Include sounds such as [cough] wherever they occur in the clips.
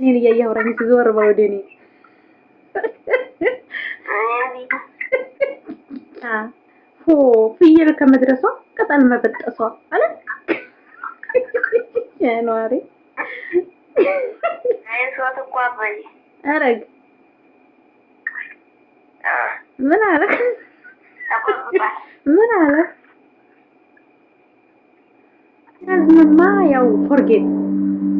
እኔን እያያወራኝ ሲዞር በል ወደ እኔ ፍየል ከመድረሷ ቅጠል መበጠሷ አለ ነዋሪ አረግ ምን አለ ምን አለ ያዝምማ ያው ፎርጌት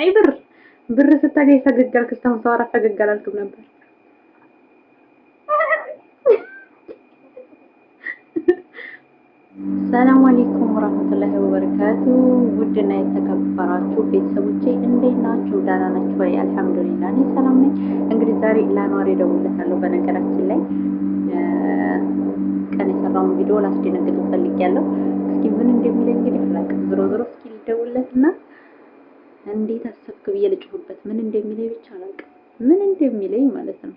አይ ብር ብር ስታገኝ ፈገግ አልክ። እስካሁን ሰው ፈገግ አላልክም ነበር። ሰላም አለይኩም ወራህመቱላሂ ወበረካቱ። ውድና የተከበራችሁ ቤተሰቦቼ እንዴት ናችሁ? ደህና ናችሁ ወይ? አልሐምዱሊላህ እኔ ሰላም ነኝ። እንግዲህ ዛሬ ለአኗሪ ደውለታለሁ። በነገራችን ላይ ቀን የሰራውን ቪዲዮ ላስደነግጥ ፈልጌያለሁ። እስኪ ምን እንደሚለኝ እንግዲህ አላውቅም። ዝሮ ዝሮ እስኪ ልደውልለት እና እንዴት አሰብክ ብዬ ልጮህበት ምን እንደሚለኝ ብቻ አላውቅም፣ ምን እንደሚለኝ ማለት ነው።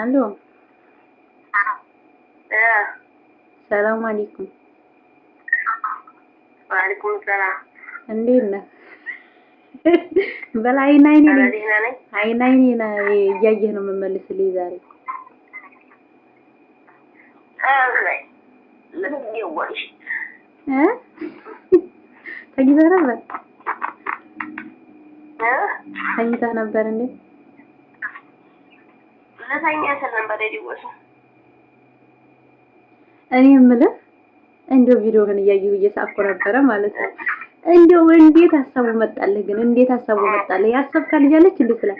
አሎ ሰላም አለይኩም። ወአለይኩም ሰላም። እንዴት ነህ? በላ አይን አይኔ አይን አይኔ እያየህ ነው የምመልስልኝ ዛሬ ተኝተህ ነበር ተኝተህ ነበር እንዴ? ለታኛ ነበር እኔ የምልህ እንደው ቪዲዮ ግን እያየሁ እየሳቅኩ ነበረ ማለት ነው። እንደው እንዴት ሀሳቡ መጣልህ ግን? እንዴት ሀሳቡ መጣልህ? ያሰብካ ልጅ አለች እንዴ? ስለ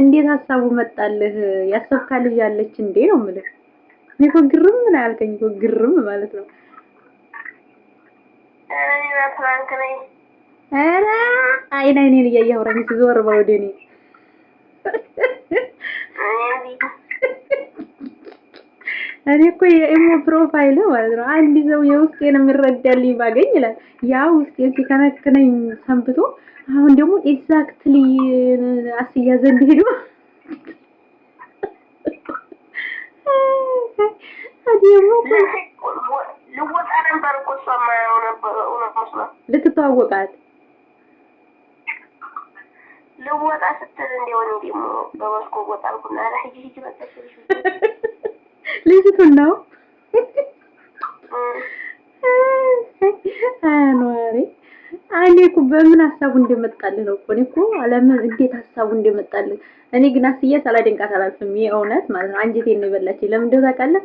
እንዴት ሀሳቡ መጣልህ? ያሰብካ ልጅ አለች እንዴ ነው የምልህ። እኔ እኮ ግርም ምን አልከኝ እኮ ግርም ማለት ነው። ኧረ አይን አይኔን እያየህ አውራኝ ስትዞር በወደኔ እኔ እኮ የኢሞ ፕሮፋይል ማለት ነው። አንድ ሰው የውስጤን የሚረዳልኝ ባገኝ ይላል። ያ ውስጤን ሲከነክነኝ ሰንብቶ አሁን ደግሞ ኤግዛክትሊ አስያ ዘንድ ሄዶ ልትተዋወቃት ልወጣ ስትል እንዲሆን ደግሞ በመስኮ ወጣልኩና አልኩና ሂጂ ሂጂ መጣሽ ልጅቱናው አኗሪ እኔ እኮ በምን ሀሳቡ እንደመጣልን ነው እኮ እኔ እኮ አለምን እንዴት ሀሳቡ እኔ ግን ሳላደንቃት አላልፍም። የእውነት ማለት ነው አንጀቴን ነው የበላችኝ። ለምን እንደው ታውቃለህ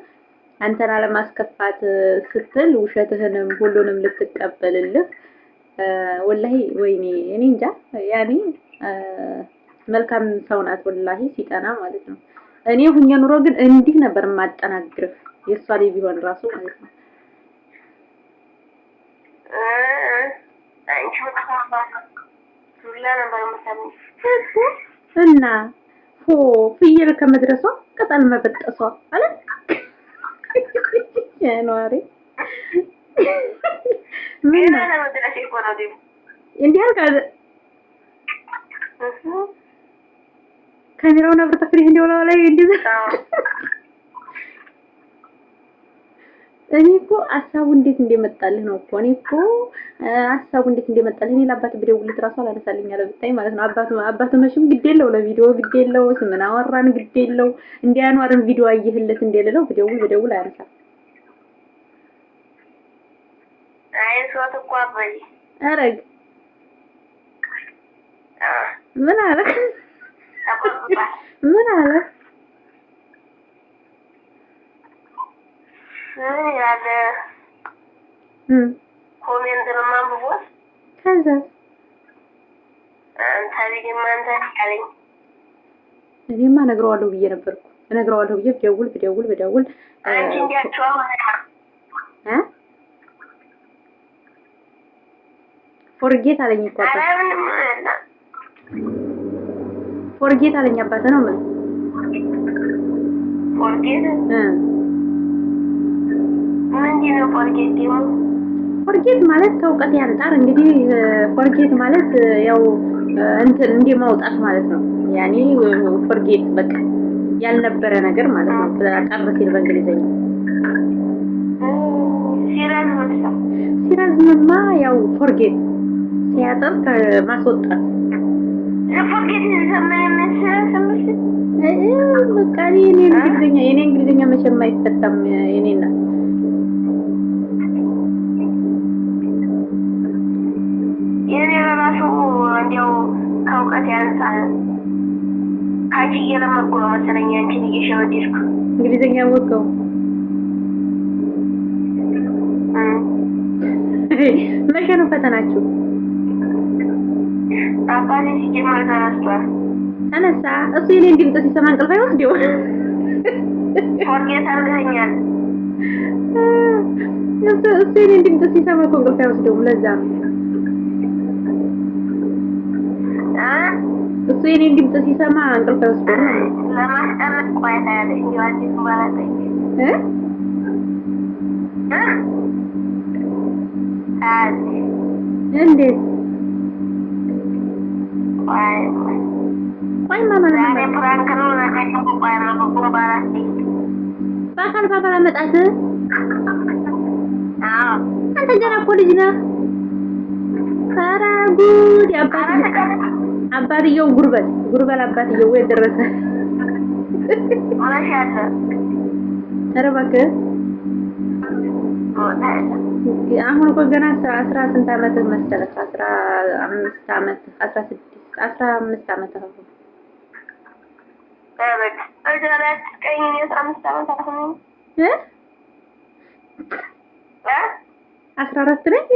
አንተን አለማስከፋት ስትል ውሸትህንም ሁሉንም ልትቀበልልህ ወላሂ ወይኔ እኔ እንጃ ያኔ መልካም ሰው ናት ወላሂ ሲጠና ማለት ነው። እኔ ሁኜ ኑሮ ግን እንዲህ ነበር የማጠናግርህ የእሷ ላይ ቢሆን ራሱ ማለት ነው። እና ሆ ፍየል ከመድረሷ ቅጠል መበጠሷ አለ ያኗሪ ምን ነው እንዲህ አልካ ካሜራውን አብርታ ፍሬ እንደው ላይ እንደዛ እኔ እኮ ሀሳቡ እንዴት እንደመጣልህ ነው እኮ እኔ እኮ ሀሳቡ እንዴት እንደመጣልህ እኔ ለአባት ብደውልት ራሱ አላነሳልኝ አለ ብታይ ማለት ነው። አባቱ አባቱ መቼም ግድ የለው ለቪዲዮ ግድ የለው ስምን አወራን ግድ የለው እንዲህ አኗርን ቪዲዮ አየህለት እንደሌለው ብደውል ብደውል አያነሳ። አይ ሶት እኮ አበይ አረግ ምን አለ ምን አለ ምን ያለ ኮሜንት ለማንብቦት ከዛ አንተ ቢግማ አንተ አለኝ። እኔማ እነግረዋለሁ ብዬ ነበርኩ እነግረዋለሁ ብዬ ብደውል ብደውል ብደውል ፎርጌት አለኝ እኮ ፎርጌት አለኝ አባት ነው ማለት ፎርጌት ማለት ከእውቀት ያንጣር እንግዲህ ፎርጌት ማለት ያው እንትን እንደ ማውጣት ማለት ነው። ያኔ ፎርጌት በቃ ያልነበረ ነገር ማለት ነው። ቀር ሲል በእንግሊዘኛ ሲራዝምማ ያው ፎርጌት ሲያጠር ማስወጣት የኔ እንግሊዝኛ መቼም አይፈታም። የኔና የኔ ለራሱ እንዲያው ከእውቀት ያንሳል። ከአንቺ እየለመድኩ ነው መሰለኝ አንቺን እየሸወደድኩ እንግሊዝኛ ወቀው መቼ ነው ፈተናችሁ? አባኔ ሲጀመር ተነስቷል። ተነሳ እሱ የኔን ድምፅ ሲሰማ እንቅልፍ አይወስደው። ፎርጌት አድርገኛል። እሱ እሱ የኔን ድምፅ ሲሰማ እኮ እንቅልፍ አይወስደውም። ለዛ እሱ የኔን ድምፅ ሲሰማ እንቅልፍ አይወስደውም። ለማስቀመጥ ቆይታ ያለ እንጂ አዲስ ማለት እ እንዴት በአካል ባባላ መጣት አንተ ገና እኮ ልጅ ነህ። ኧረ ጉድ! አባትየው ጉርበል ጉርበል አባትየው የት ደረሰ? ኧረ እባክህ አሁን እኮ ገና አስራ ስንት አመት መሰለህ? አስራ አምስት ዓመት አስራ ስድስት አስራ አምስት ዓመት አሁን አስራ አራት ነኝ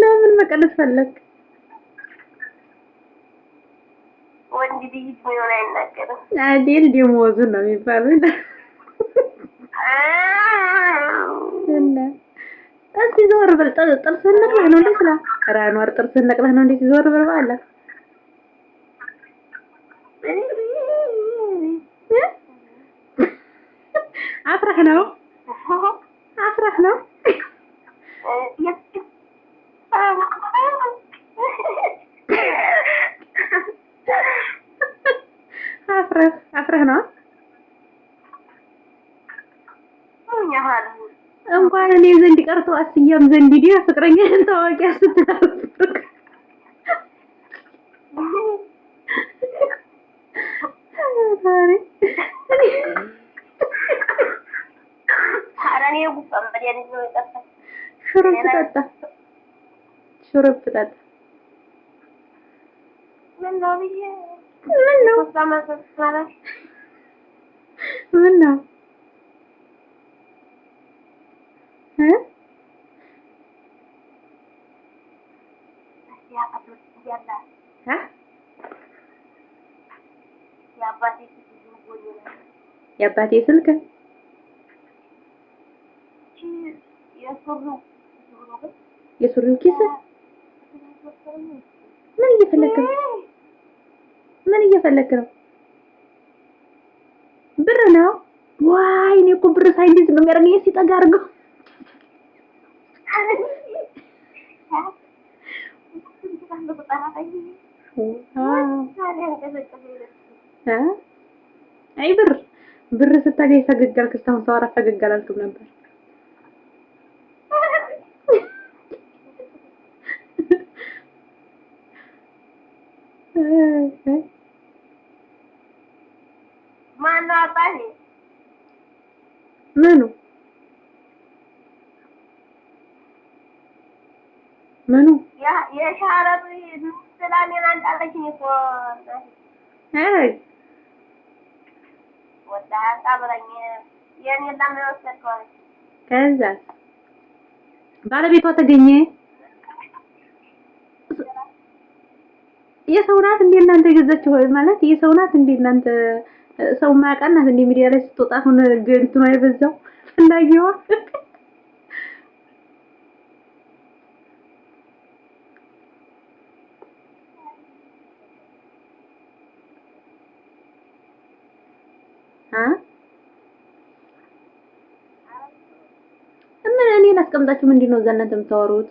ለምን መቀነስ ፈለግ? ወንድ ልጅ ምን አይናገርም አይደል? ደሞዙ ነው የሚባለው ዞር በል። ጥርስህን ነቅለህ ነው እንዴ ስላ ኧረ ጥርስህን ነቅለህ ነው እንዴ ዞር በል በኋላ አፍረህ ነው አፍረህ ነው kan dia kartu asli jam zendi dia sekarang dia tau aja setelah Hari ini aku pamer dia di sini kata. Suruh kata, suruh Menolong ya, menolong. Kamu sama menolong. የአባቴ ስልክ የሱሪው ኪስ ምን እየፈለክ ነው? ምን እየፈለክ ነው? ብር ነው ዋይ! እኔ እኮ ብር ሳይንዲዝ ነው የሚያደርገኝ ሲጠጋ አድርገው አይ ብር ብር ስታገኝ ፈገግ አልክ። እስካሁን ሳወራ ፈገግ አላልክም ነበር። [laughs] ከዛ ባለቤቷ ተገኘ። የሰው ናት እንደ እናንተ የገዛችው ማለት የሰው ናት እንደ እናንተ ሰው ማያውቃት ናት እንደ ሚዲያ ላይ ስትወጣ ሁን እንትኗ የበዛው ፈላጊዋ ተቀምጣችሁ ምንድን ነው እዛ እናንተ የምታወሩት?